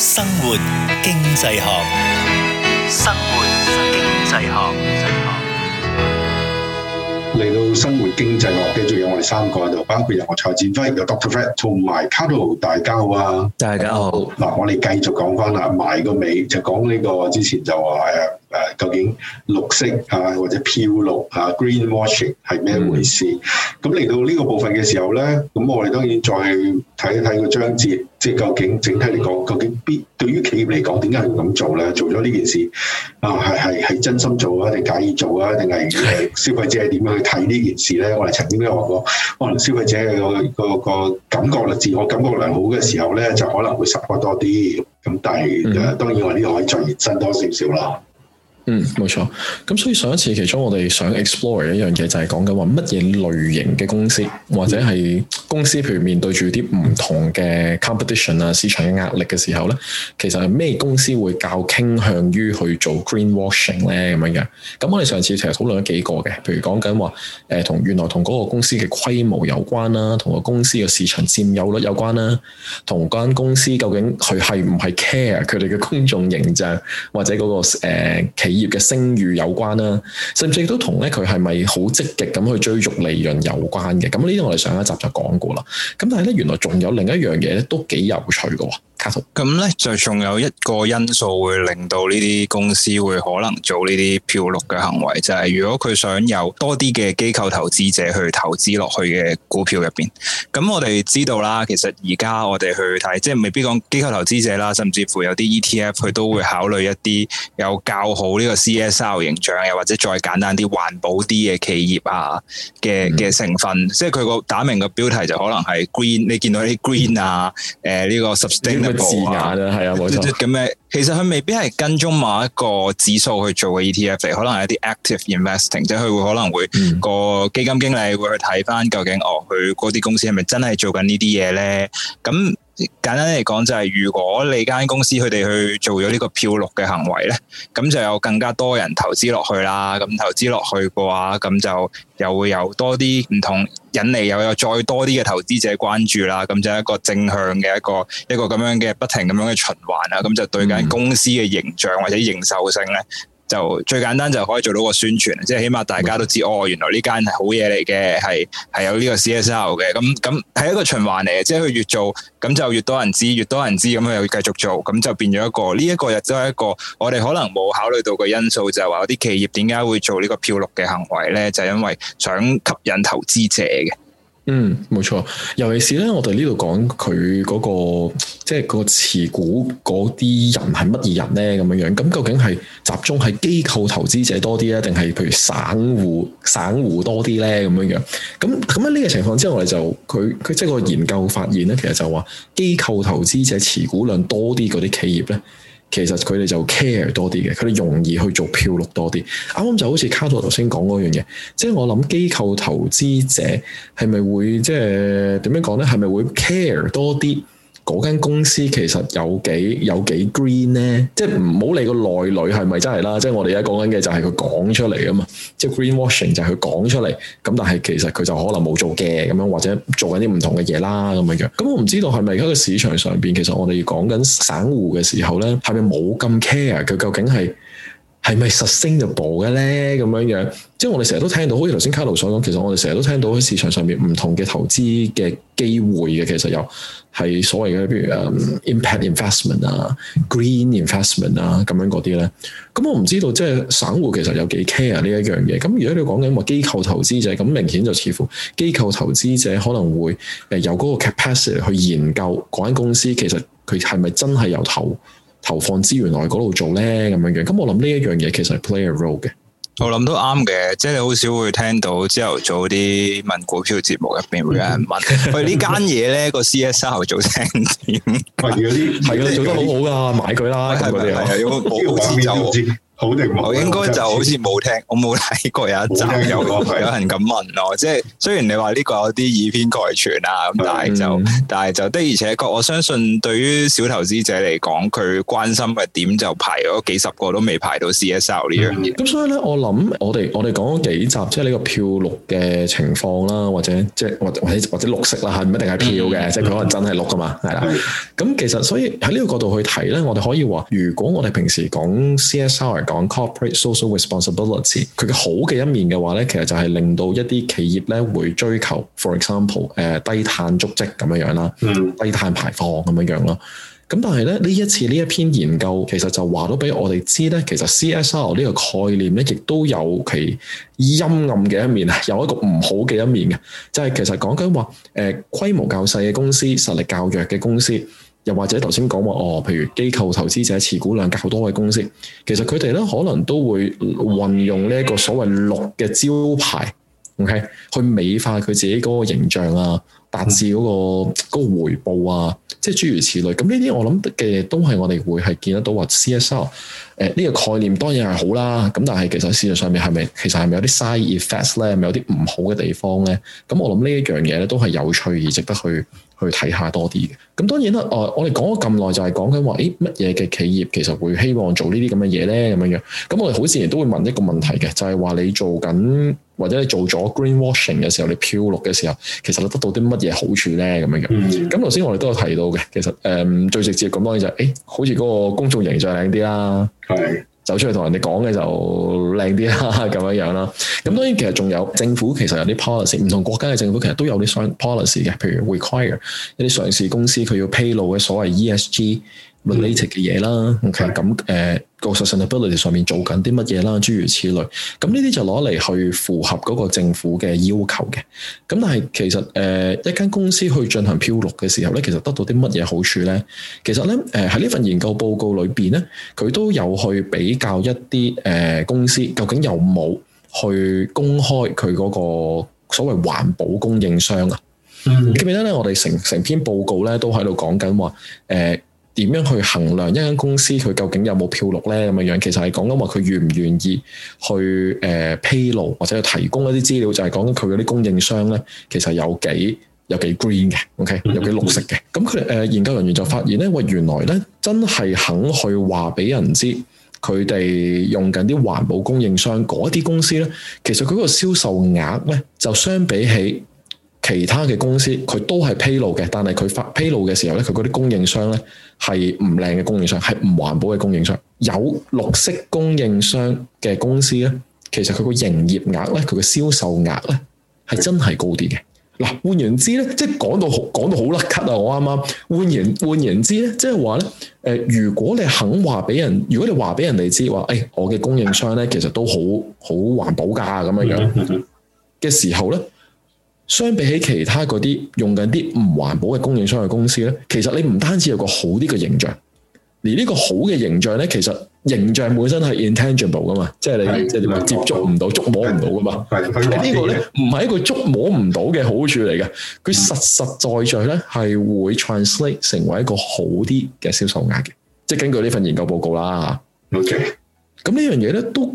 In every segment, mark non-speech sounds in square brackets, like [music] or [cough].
.生活經濟學，生活經濟學，嚟到生活經濟學，繼續有我哋三個喺度，包括有我蔡展輝，有 Doctor Fred，同埋 Carlo，大家好啊，大家好。嗱、啊，我哋繼續講翻啦，埋個尾就講呢、這個，之前就話係啊。啊、究竟綠色啊，或者漂綠啊，Greenwashing 係咩回事？咁、嗯、嚟到呢個部分嘅時候咧，咁我哋當然再睇一睇個章節，即、係、究竟整體嚟講，究竟必對於企業嚟講點解要咁做咧？做咗呢件事啊，係係係真心做啊，定假意做啊？定係消費者係點樣去睇呢件事咧？我哋曾經都有學過，可能消費者、個、個感覺，自我感覺良好嘅時候咧，就可能會拾多多啲，咁但係、嗯、當然我呢個可以再延伸多少少啦。嗯，冇錯，咁所以上一次，其中我哋想 explore 一樣嘢，就係講緊話乜嘢類型嘅公司，或者係公司，譬如面對住啲唔同嘅 competition 啊、市場嘅壓力嘅時候咧，其實係咩公司會較傾向於去做 greenwashing 咧咁樣樣，咁我哋上次其實討論咗幾個嘅，譬如講緊話誒同原來同個公司嘅規模有關啦，同個公司嘅市場佔有率有關啦，同間公司究竟佢係唔係 care 佢哋嘅公眾形象，或者、嗰個誒誒、呃、企業嘅聲譽有關啦，甚至都同咧佢係咪好積極咁去追逐利潤有關嘅。咁呢啲我哋上一集就講過啦。咁但係咧，原來仲有另一樣嘢咧，都幾有趣㗎喎。咁咧，就仲有一個因素會令到呢啲公司會可能做呢啲漂綠嘅行為，就係、是、如果佢想有多啲嘅機構投資者去投資落去嘅股票入邊。咁我哋知道啦，其實而家我哋去睇，即係未必講機構投資者啦，甚至乎有啲 ETF 佢都會考慮一啲有較好呢、這個。個 CSR 形象，又或者再簡單啲環保啲嘅企業啊嘅嘅成分，嗯、即係佢個打明個標題就可能係 green，你見到啲 green 啊，誒、嗯、呢、呃這個 sustainable 啊，係啊冇錯。咁誒，其實佢未必係跟蹤某一個指數去做嘅 ETF，可能係一啲 active investing，即係佢會可能會、嗯那個基金經理會去睇翻究竟哦，佢嗰啲公司係咪真係做緊呢啲嘢呢？咁。簡單嚟講就係如果你間公司佢哋去做咗呢個漂綠嘅行為咧，咁就有更加多人投資落去啦。咁投資落去嘅話，咁就又會有多啲唔同引嚟，又有再多啲嘅投資者關注啦。咁就係一個正向嘅一個一個咁樣嘅不停咁樣嘅循環啦。咁就對間公司嘅形象或者認受性咧。就最簡單就可以做到個宣傳，即係起碼大家都知哦，原來呢間係好嘢嚟嘅，係係有呢個 CSR 嘅。咁咁係一個循環嚟嘅，即係佢越做咁就越多人知，越多人知咁佢又繼續做，咁就變咗一個呢、呢個、一個亦都係一個我哋可能冇考慮到嘅因素，就係話啲企業點解會做呢個漂綠嘅行為呢？就係、因為想吸引投資者嘅。嗯，冇錯。尤其是咧，我哋呢度講佢嗰個，即係嗰個持股嗰啲人係乜嘢人咧？咁樣樣，咁究竟係集中係機構投資者多啲咧，定係譬如散戶、散戶多啲咧？咁樣樣，咁咁喺呢個情況之下，我哋就佢佢即係個研究發現咧，其實就話機構投資者持股量多啲嗰啲企業咧。其實佢哋就 care 多啲嘅，佢哋容易去做票率多啲。啱啱就好似卡佐頭先講嗰樣嘢，即係我諗機構投資者係咪會即係點樣講咧？係咪會 care 多啲？嗰間公司其實有幾有幾 green 呢？即係唔好理個內裏係咪真係啦，即係我哋而家講緊嘅就係佢講出嚟啊嘛，即係 greenwashing 就係佢講出嚟，咁但係其實佢就可能冇做嘅咁樣，或者做緊啲唔同嘅嘢啦咁樣樣，咁我唔知道係咪而家個市場上邊。其實我哋講緊散戶嘅時候呢，係咪冇咁 care 佢究竟係？係咪實升就步嘅咧？咁樣樣，即係我哋成日都聽到，好似頭先卡路所講，其實我哋成日都聽到喺市場上面唔同嘅投資嘅機會嘅，其實有係所謂嘅譬如、um, impact investment 啊、green investment 啊咁樣嗰啲咧。咁我唔知道即係散戶其實有幾 care 呢一樣嘢。咁如果你講緊話機構投資者，咁明顯就似乎機構投資者可能會誒有嗰個 capacity 去研究嗰間公司，其實佢係咪真係有投？投放資源來嗰度做咧咁樣樣，咁我諗呢一樣嘢其實係 play a role 嘅。我諗都啱嘅，即、即係、你好少會聽到朝頭早啲問股票節目入邊會有人問，喂 [laughs] 呢間嘢咧 [laughs] 個 CSR 做靚啲，例如啲係啊，你做得好好噶，買佢啦，是他有是是是是個 [laughs] 我哋係啊，六折六折。我應該就好似冇聽，我冇睇過,過有一集有有人咁問咯。即係雖然你話呢個有啲以偏概全啊，咁但係就、嗯、但就的而且確，我相信對於小投資者嚟講，佢關心嘅點就排咗幾十個都未排到 C S R 呢樣嘢。咁、嗯、所以咧，我諗我哋我哋講咗幾集，即係呢個漂綠嘅情況啦，或者即或或者綠色啦，係唔一定係漂嘅、嗯，即係佢可能真係綠噶嘛，係、嗯、啦。咁其實所以喺呢個角度去睇咧，我哋可以話，如果我哋平時講 C S R。講 corporate social responsibility，佢嘅好嘅一面嘅話咧，其實就係令到一啲企業咧會追求，for example，誒低碳足跡咁樣啦，低碳排放咁樣樣咯。咁、嗯、但係咧呢一次呢一篇研究，其實就話到俾我哋知咧，其實 CSR 呢個概念咧，亦都有其陰暗嘅一面啊，有一個唔好嘅一面嘅，就係其實講緊話誒規模較細嘅公司、實力較弱嘅公司。又或者頭先講話哦，譬如機構投資者持股量較多嘅公司，其實佢哋咧可能都會運用呢一個所謂綠嘅招牌，OK，去美化佢自己嗰個形象啊，達至嗰個回報啊，即係諸如此類。咁呢啲我諗嘅都係我哋會係見得到或 CSR，誒呢個概念當然係好啦。咁但係其實市場上面係咪其實係咪有啲 side effect 咧？係咪有啲唔好嘅地方咧？咁我諗呢一樣嘢咧都係有趣而值得去。去睇下多啲嘅，咁當然啦、啊，我哋講咗咁耐就係講緊話，誒、欸，乜嘢嘅企業其實會希望做呢啲咁嘅嘢咧，咁樣樣。咁我哋好自然都會問一個問題嘅，就係、是、話你做緊或者你做咗 greenwashing 嘅時候，你漂綠嘅時候，其實你得到啲乜嘢好處咧，咁樣樣。咁頭先我哋都有提到嘅，其實誒、嗯、最直接咁當然就係、是欸，好似嗰個公眾形象靚啲啦。係。走出去同人哋講嘅就靚啲啦，咁樣樣啦。咁當然其實仲有政府其實有啲 policy，唔同國家嘅政府其實都有啲商 policy 嘅，譬如 require 一啲上市公司佢要披露嘅所謂 ESG。related 嘅嘢啦，咁誒個實質 ability 上面做緊啲乜嘢啦，諸如此類。咁呢啲就攞嚟去符合嗰個政府嘅要求嘅。咁但係其實誒、呃、一間公司去進行漂綠嘅時候咧，其實得到啲乜嘢好處咧？其實咧喺呢份研究報告裏面咧，佢都有去比較一啲誒、呃、公司究竟有冇去公開佢嗰個所謂環保供應商啊？嗯、記唔記得咧？我哋成成篇報告咧都喺度講緊話誒。呃點樣去衡量一間公司佢究竟有冇漂綠呢？咁樣樣？其實係講緊話佢願唔願意去誒披露或者去提供一啲資料，就係講緊佢嗰啲供應商呢，其實,願願、就是、其實有幾有幾 green 嘅，OK，有幾綠色嘅。咁佢誒研究人員就發現呢，喂，原來呢真係肯去話俾人知，佢哋用緊啲環保供應商嗰啲公司呢，其實佢個銷售額呢，就相比起。其他嘅公司佢都係披露嘅，但係佢發披露嘅時候咧，佢嗰啲供應商咧係唔靚嘅供應商，係唔環保嘅供應商。有綠色供應商嘅公司咧，其實佢個營業額咧，佢嘅銷售額咧係真係高啲嘅。嗱，換言之咧，即係講到好講到好甩咳啊！我啱啱換言換言之咧，即係話咧，誒，如果你肯話俾人，如果你話俾人哋知話，誒、哎，我嘅供應商咧，其實都好好環保噶，咁樣樣嘅時候咧。相比起其他嗰啲用緊啲唔環保嘅供應商嘅公司咧，其實你唔單止有個好啲嘅形象，而呢個好嘅形象咧，其實形象本身係 intangible 噶嘛，即係你即係接觸唔到、觸摸唔到噶嘛。咁呢個咧唔係一個觸摸唔到嘅好處嚟嘅，佢實實在在咧係會 translate 成為一個好啲嘅銷售額嘅，即係根據呢份研究報告啦。O.K. 咁呢樣嘢咧都。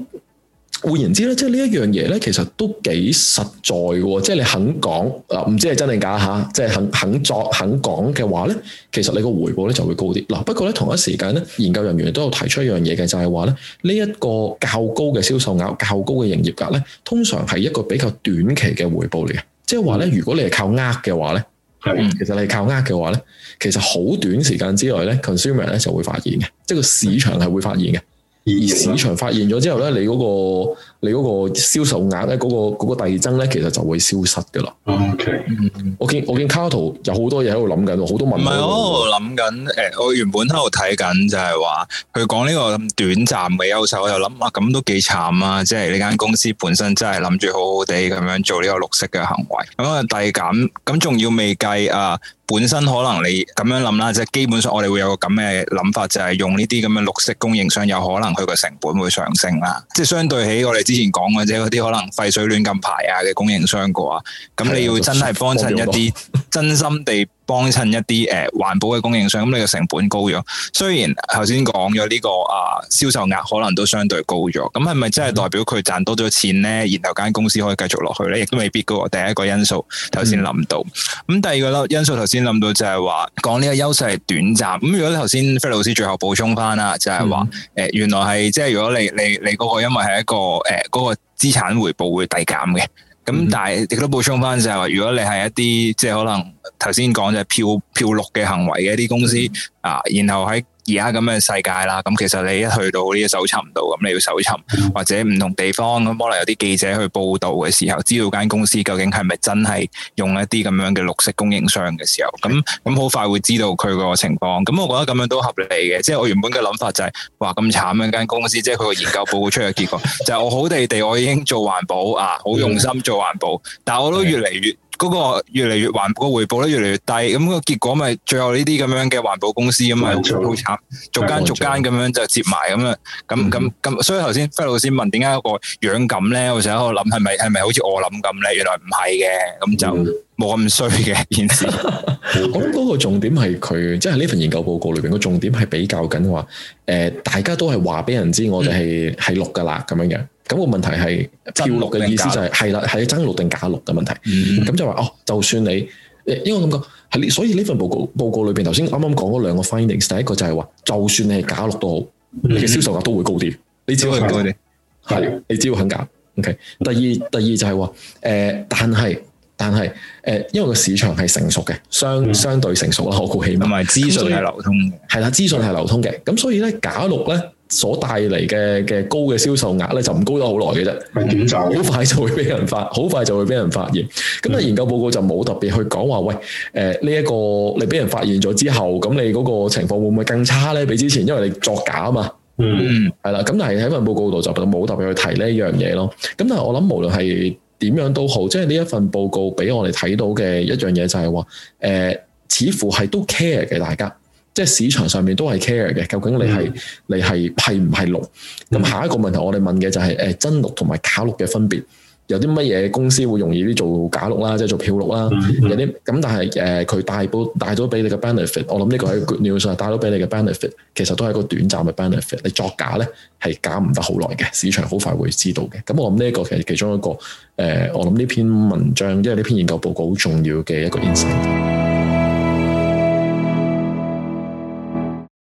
換言之咧，即係呢一樣嘢咧，其實都幾實在嘅喎。即係你肯講，嗱，唔知係真定假吓，即係肯肯作肯講嘅話咧，其實你個回報咧就會高啲。嗱，不過咧同一時間咧，研究人員都有提出一樣嘢嘅，就係話咧呢一個較高嘅銷售額、較高嘅營業額咧，通常係一個比較短期嘅回報嚟嘅。即係話咧，如果你係靠呃嘅話咧，係其實你係靠呃嘅話咧，其實好短時間之內咧，consumer 咧就會發現嘅，即係個市場係會發現嘅。而市場發現咗之後咧，你嗰、嗰個你嗰個銷售額咧，嗰個、嗰、嗰個、嗰、嗰個遞增咧，其實就會消失㗎啦。O K，嗯，我見我見卡圖有好多嘢喺度諗緊好多問題。唔係，我喺度諗緊，誒，我原本喺度睇緊就係話，佢講呢個咁短暫嘅優勢，我就諗啊，咁都幾慘啊！即係呢間公司本身真係諗住好好地咁樣做呢個綠色嘅行為，咁啊遞減，咁仲要未計啊。本身可能你咁樣諗啦，即係基本上我哋會有個咁嘅諗法，就係用呢啲咁嘅綠色供應商，有可能佢個成本會上升啦。即係相對起我哋之前講嘅，即嗰啲可能廢水亂咁排啊嘅供應商嘅話，咁你要真係幫襯一啲真心地。幫襯一啲、呃、環保嘅供應商，咁你個成本高咗。雖然頭先講咗呢個啊銷售額可能都相對高咗，咁係咪真係代表佢賺多咗錢呢？然後間公司可以繼續落去呢，亦都未必噶。第一個因素頭先諗到，咁、嗯、第二個咧因素頭先諗到就係話講呢個優勢係短暫。咁如果你頭先菲老師最後補充翻啦，就係話誒原來係即係如果你你你嗰個因為係一個誒嗰、呃那個資產回報會遞減嘅。咁、嗯、但係亦都補充翻就係話如果你係一啲即係可能頭先講就係漂漂綠嘅行為嘅一啲公司啊、嗯，然後喺而家咁嘅世界啦，咁其實你一去到呢個搜尋度，咁你要搜尋或者唔同地方，咁可能有啲記者去報道嘅時候，知道間公司究竟係咪真係用一啲咁樣嘅綠色供應商嘅時候，咁咁好快會知道佢個情況。咁我覺得咁樣都合理嘅，即係我原本嘅諗法就係話，哇！咁慘啊，間公司，即係佢個研究報告出嘅結果， [laughs] 就係我好地地，我已經做環保啊，好用心做環保，但係我都越嚟越。 [laughs] 嗰、那個越嚟越環保，回報咧越嚟越低，咁、那個結果咪最後呢啲咁樣嘅環保公司咁咪好慘，逐間逐間咁樣就接埋咁啊，咁咁咁，所以頭先輝老師問點解個樣咁咧，我成日喺度諗係咪係咪好似我諗咁咧，原來唔係嘅，咁就冇咁衰嘅件事。嗯、 [laughs] [laughs] 我諗嗰個重點係佢，即係呢份研究報告裏邊個重點係比較緊話，誒、呃，大家都係話俾人知我哋係係錄噶啦，咁、嗯、樣樣。咁、那個問題係漂綠嘅意思就係係啦，係真綠定假綠嘅問題。咁、嗯、就話哦，就算你，因為我感係，所以呢份報告報告裏邊頭先啱啱講嗰兩個 findings，第一個就係話，就算你係假綠都好，你嘅、嗯、銷售額都會高啲、嗯。你只要係，係、嗯、你只要肯假，ok。第二，第二就係、是、話，誒、呃，但係但係誒，因為個市場係成熟嘅，相、嗯、相對成熟啦，我估起碼。唔係資訊係流通嘅，係啦，資訊係流通嘅，咁、嗯、所以咧假綠咧。所帶嚟嘅嘅高嘅銷售額咧，就唔高得好耐嘅啫，好快就會俾人發，好快就會俾人發現。咁啊，研究報告就冇特別去講話，喂，誒呢一個你俾人發現咗之後，咁你嗰個情況會唔會更差咧？比之前，因為你作假啊嘛，嗯，係啦。咁但係喺份報告度就冇特別去提呢一樣嘢咯。咁但係我諗，無論係點樣都好，即係呢一份報告俾我哋睇到嘅一樣嘢就係話，誒、呃、似乎係都 care 嘅大家。即係市場上面都係 care 嘅，究竟你係你係係唔係綠？咁下一個問題我哋問嘅就係誒真綠同埋假綠嘅分別，有啲乜嘢公司會容易啲做假綠啦，即係做漂綠啦？有啲咁，但係誒佢帶到帶到俾你嘅 benefit，我諗呢個係 good news 啊！帶到俾你嘅 benefit 其實都係一個短暫嘅 benefit。你作假咧係假唔得好耐嘅，市場好快會知道嘅。咁我諗呢一個其實其中一個誒，我諗呢篇文章因為呢篇研究報告好重要嘅一個 insight。